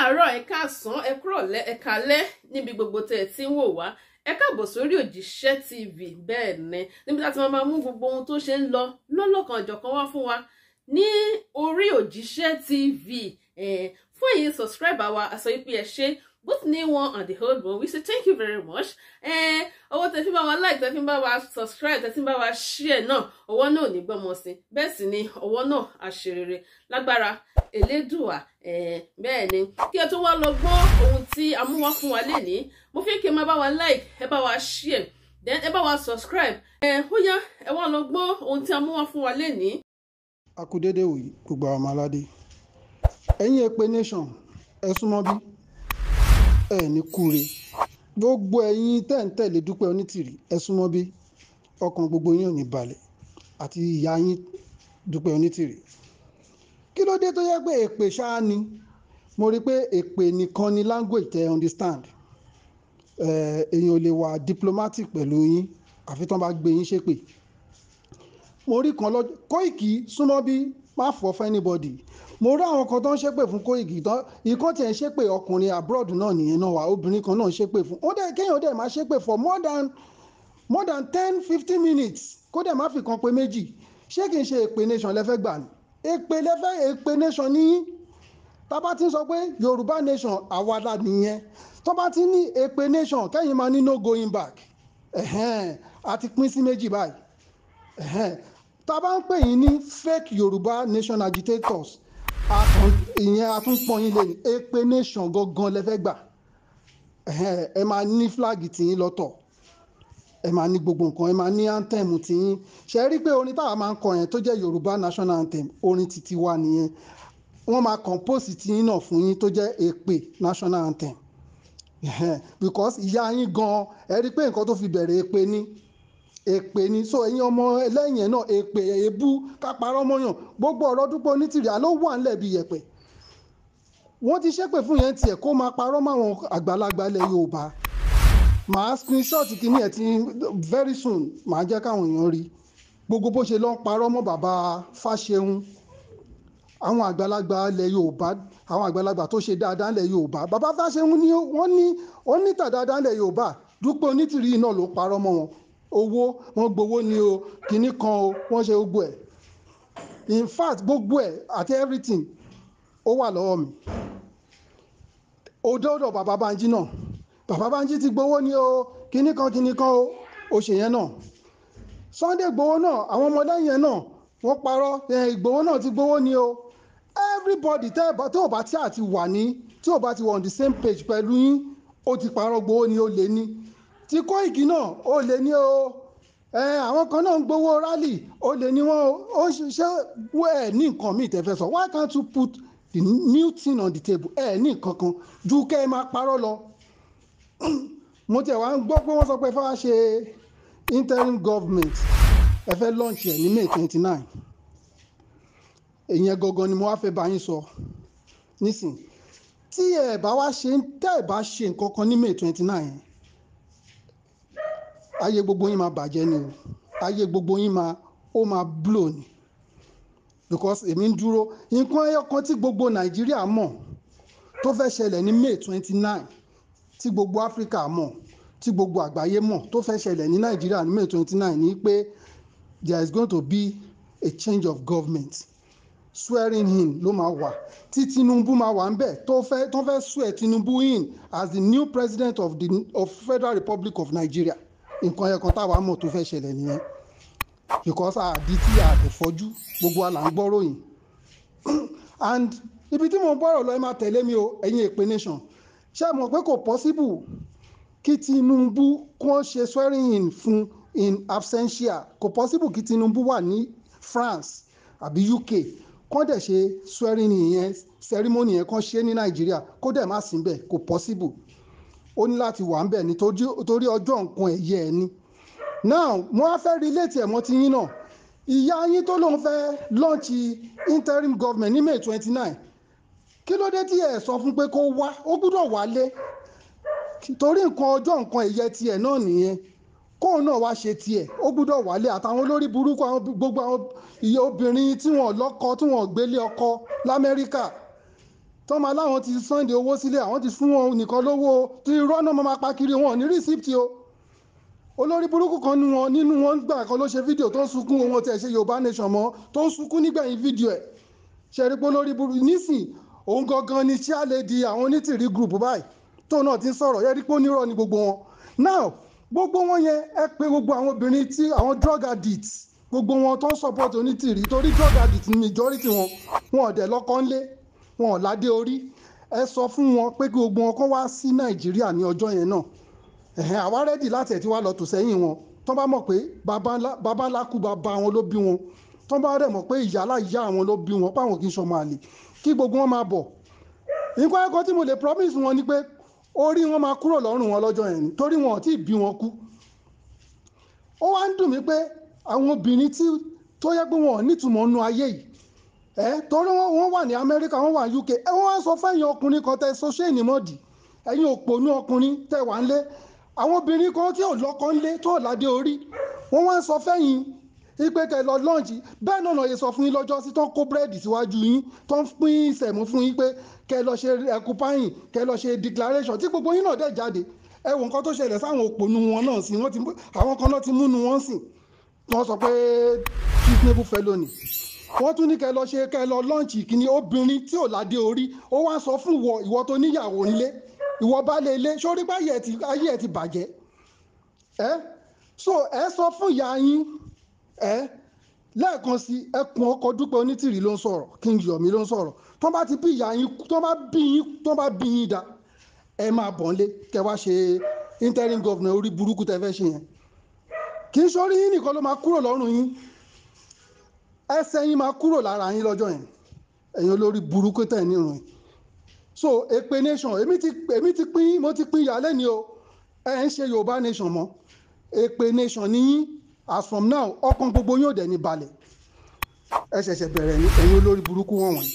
káàárọ̀ ẹ káàsán ẹ kúrọ̀lẹ́ ẹ kálẹ́ níbi gbogbo tẹ́ ẹ ti ń wò wá ẹ káàbọ̀ sórí òjíṣẹ́ tv bẹ́ẹ̀ ni níbi láti máa mú gbogbo ohun tó ṣe ń lọ lọ́lọ́kan ọ̀jọ̀kan wá fún wa ní orí òjíṣẹ́ tv fún èyí subscribe àwa àsọyípẹ́ ẹ ṣe both new one and the old one we say thank you very much eh, owó tẹ fi bá wa like tẹ fi bá wa subscribe tẹ fi bá wa share náà ọwọ́ náà ò ní gbọ́mọ sí bẹ́ẹ̀ sì ni ọwọ́ náà àṣerere lágbára elédùà eh, bẹ́ẹ̀ ni kí ẹ tó wá lọ gbọ́ ohun tí a fún wa lénìí mo fi kí ẹ máa bá wa like ẹ bá wa share then ẹ bá wa subscribe ẹ eh, ó yá ẹ wá lọ gbọ́ ohun tí a fún wa lénìí. akudede wòye gbogbo àwọn ọmọ aládé ẹ̀yin èpè nation ẹ súnmọ́ bí ẹ̀ ní kúre gbogbo ẹ̀yin tẹ́ ń tẹ̀lé Dúpẹ́ Onítìrí ẹ súnmọ́ bí ọkàn gbogbo yín ò ní balẹ̀ àti ìyá yín Dúpẹ́ Onítìrí kí ló dé tó yẹ pé èpè ṣáá ni mo rí i pé èpè nìkan ni language tẹ understand èèyàn ò lè wà diplomatic pẹ̀lú yín àfi tán bá gbé yín ṣépè mo rí kan lọ́jọ́ Kóìkì súnmọ́ bí má fọ́ fún anybody mo rí àwọn kan tó ń ṣépè fún Koiki tán ikán tiẹ̀ ń ṣépè ọkùnrin abroad náà nìyẹn náà wà obìnrin kan náà ń ṣépè fún ó dẹ̀ kéèyàn dẹ̀ máa ṣépè for more than more than ten fifteen minutes kó dẹ̀ má fi kan pé méjì ṣé kì í ṣe èpè nation lẹ́fẹ́ gbà ní èpè lẹ́fẹ́ èpè nation níyí tábà ti ń sọ pé Yorùbá nation àwàdà nìyẹn tọ́ba ti ní èpè nation kẹ́yìn máa ní no going back ẹ̀hẹ́n àti pín sí méjì báyìí ẹ̀hẹ́n tá a bá ń pè yín ní fake yorùbá nation agitators ìyẹn a tún pọ́n yín lé ní èpè nation gangan lẹ́fẹ́ gbà ẹ máa ní flag tiyín lọ́tọ̀ ẹ máa ní gbogbo nǹkan ẹ máa ní anthem tiyín ṣe rí i pé orin táwa máa ń kọ yẹn tó jẹ́ yorùbá national anthem orin titi wa nìyẹn wọ́n máa compose tiyín náà fún yín tó jẹ́ èpè national anthem because ìyá yín gan ẹ rí i pé nǹkan tó fi bẹ̀rẹ̀ èpè ni èpè ni so ẹ̀yin ọmọ ẹlẹ́yìn náà èpè èébú kápárọ́ mọ́yàn gbogbo ọ̀rọ̀ Dúpẹ́ Onítìrì àlọ́ wà ńlẹ̀ bíi yẹ̀pẹ̀ wọ́n ti ṣépè fún yẹn tiẹ̀ kó máa parọ́ máwọn àgbàlagbà ilẹ̀ Yorùbá màá screenshot kìíní ẹ̀ ti very soon màá jẹ́ káwọn èèyàn rí gbogbo bó ṣe lọ́ ń parọ́ mọ́ bàbá Fáṣẹ̀hún àwọn àgbàlagbà ilẹ̀ Yorùbá àwọn àgbàlagbà tó ṣe dáadáa ilẹ̀ Yorùbá bàbá Fáṣẹ̀hún ni wọ́n ní ó níta dáadáa ilẹ̀ Yorùbá Dúpẹ́ Onítìrí náà ló parọ́ mọ́ wọn owó wọ́n gbowó ni o kinní kan o wọ́n ṣe gbogbo ẹ̀ in fact gbogbo ẹ̀ àti everything ó wà lọ́wọ́ mi òdòdó bàbá Bánjí náà bàbá Bánjí ti gbowó ni o kinní kan kinní kan o ó ṣe yẹn náà Sunday gbowó náà àwọn ọmọdé yẹn náà wọ́n parọ́ ìgbowó náà ti gbowó ni o everybody tó bá tí a ti wà ní tí o bá ti wà on the same page pẹ̀lú yín ó ti parọ́ gbowó ni o lé ní ti Kóìkì náà ó lè ní o àwọn kan náà ń gbowó rálì ó lè ní wọn ó ṣe wẹ́ẹ̀ ní nǹkan míì tẹ́fẹ́ sọ why can't you put the new thing on the table ẹ̀ ní nǹkan kan ju kẹ́ ẹ máa parọ́ lọ mo tẹ̀ wá ń gbọ́ pé wọ́n sọ pé fáwọn ṣe interim government ẹ fẹ́ launch ẹ̀ ní May twenty nine ìyẹn gangan ni mo wá fẹ́ bá yín sọ nísìn tí ẹ bá wá ṣe tẹ́ ẹ bá ṣe nǹkan kan ní May twenty nine ayé gbogbo yín máa bàjẹ́ ni o ayé gbogbo yín máa ó máa blow ni because èmi ń dúró nǹkan ẹyọkan tí gbogbo nàìjíríà mọ̀ tó fẹ́ ṣẹlẹ̀ ní may twenty nine tí gbogbo áfíríkà mọ̀ tí gbogbo àgbáyé mọ̀ tó fẹ́ ṣẹlẹ̀ ní nàìjíríà ní may twenty nine ni pé there is going to be a change of government swearing in ló máa wà tí tinubu máa wà ń bẹ̀ tó fẹ́ tó fẹ́ swear tinubu in as the new president of the of federal republic of nigeria nǹkan yẹn kan táwa mọ̀ tó fẹ́ ṣẹlẹ̀ nìyẹn because àbí tí àtẹ̀fọ́jú gbogbo àlà ń gbọ́ròyìn and ibi tí mo bọ̀rọ̀ lọ ẹ máa tẹ̀lé mi o ẹ̀yin èpè nation ṣé ẹ pé kò possible kí Tinubu kí wọ́n ṣe swearing in fún in absentia kò possible kí Tinubu wà ní France àbí UK kán dẹ̀ ṣe swearing in yẹn ceremony yẹn kán ṣe ní Nàìjíríà kó dẹ̀ má sí bẹ́ẹ̀ kò possible ó ní láti wà ńbẹ̀ ni torí ọjọ́ nǹkan ẹ̀yẹ ẹ̀ ni now mo wá fẹ́ relate ẹ̀ mọ́ ti yín náà ìyá yín tó lóun fẹ́ lọ́ọ̀chì interim government ní may twenty nine kí ló dé tí ẹ sọ fún pé kó wá ó gbúdọ̀ wálé torí nǹkan ọjọ́ nǹkan ẹ̀yẹ tiẹ̀ náà nìyẹn kóun náà wá ṣe tiẹ̀ ó gbúdọ̀ wálé àtàwọn olórí burúkú àwọn gbogbo àwọn obìnrin tí wọ́n lọ́kọ tí wọ́n gbélé ọkọ l'Amẹ́ríkà tó máa láwọn ti sunday owó sílé àwọn ti fún wọn nìkan lówó tí irọ́ náà máa pa kiri wọn ní rìsíptì o olórí burúkú kan nínú wọn nínú wọn gbà kan ló ṣe fídíò tó ń sunkún òun tẹ̀ ṣe yorùbá nation mọ́ tó ń sunkún nígbẹ̀yìn fídíò ẹ̀ ṣẹ̀rí pé olórí burúkú nísìn òun gangan ni ṣé àlè di àwọn onítìrí group báyìí tóun náà ti ń sọ̀rọ̀ yẹ́rí pé onírọ̀ ni gbogbo wọn now gbogbo wọn yẹn ẹ pé gbogbo àwọn obìnrin tí àwọn drug addicts gbogbo wọn tó ń support onítìrí torí drug addicts ni majority wọn wọn ò dẹ̀ lọ́kọ́ wọn ò ládé orí ẹ sọ fún wọn pé kí gbogbo wọn kó wá sí nàìjíríà ní ọjọ́ yẹn náà ẹ̀hẹ́n àwa rẹ́dì láti ẹ̀ tí wá lọ tò sẹ́yìn wọn tó bá mọ̀ pé bàbá ńlá kú bàbá wọn ló bí wọn tó bá rẹ̀ mọ̀ pé ìyá aláìyá wọn ló bí wọn páwọn kì í sọmọ àlè kí gbogbo wọn máa bọ̀ nǹkan ẹ̀kọ́ tí mo lè promise wọn ni pé orí wọn máa kúrò lọ́rùn wọn lọ́jọ́ yẹn ni torí wọn ò tí bí wọn kú ó wá ń dùn mí pé àwọn obìnrin tí tó yẹ pé wọn ò nítumọ̀ nú ayé yìí ẹ torí wọn wọn wà ní amẹ́ríkà wọn wà UK ẹ wọn wá sọ fẹ́yìn ọkùnrin kan tẹ sọ́ṣẹ́ ìnìmọ̀dì ẹ̀yin òpònú ọkùnrin tẹ wà ń lé àwọn obìnrin kan tí ò lọ́kọ ń lé tó ládé orí wọn wá sọ fẹ́yìn ipe kẹ lọ lọ́ọ̀jì bẹ́ẹ̀ náà lọ́ọ́ yẹ sọ fún yín lọ́jọ́ sí tó ń kó búrẹ́dì síwájú yín tó ń pín ìsẹ̀mú fún yín pé kẹ lọ ṣe ẹkùpáyìn kẹ lọ ṣe declaration tí gbogbo yín náà dẹ̀ jáde ẹ wò nǹkan tó ṣẹlẹ̀ sáwọn òpònú wọn náà sí àwọn kan náà ti múnu wọn sìn wọ́n sọ pé reasonable fellow ni wọ́n tún ní kẹ́ lọ ṣe kẹ́ lọ lọ́ǹchì kìíní obìnrin tí ò ládé orí ó wá sọ fún ìwọ ìwọ tó níyàwó nílé ìwọ bá lè sórí pé ayé ẹ ti bàjẹ́ ẹ so ẹ sọ fún ìyá yín ẹ lẹ́ẹ̀kan sí ẹkùn ọkọ̀ dúpẹ́ onítìrì ló ń sọ̀rọ̀ King Yomi ló ń sọ̀rọ̀ tó bá ti bí ìyá yín tó bá bí yín tó bá bí yín dá ẹ máa bọ̀ nílé kẹ́ wá ṣe interim governor orí burúkú tẹ́ fẹ́ ṣe yẹn kì í sọ orí yín nìkan ló máa kúrò lọ́rùn yín ẹsẹ̀ yín máa kúrò lára yín lọ́jọ́ yẹn ẹ̀yin olórí burúkú tẹ̀ nírun yìí so èpè nation èmi ti èmi ti pín mo ti pín ìyálẹ́ ni o ẹ̀ ń ṣe yorùbá nation mọ́ èpè nation ni as from now ọkàn gbogbo yóò dẹ̀ ní balẹ̀ ẹ ṣẹ̀ṣẹ̀ bẹ̀rẹ̀ ẹ̀yin olórí burúkú wọ̀nyí.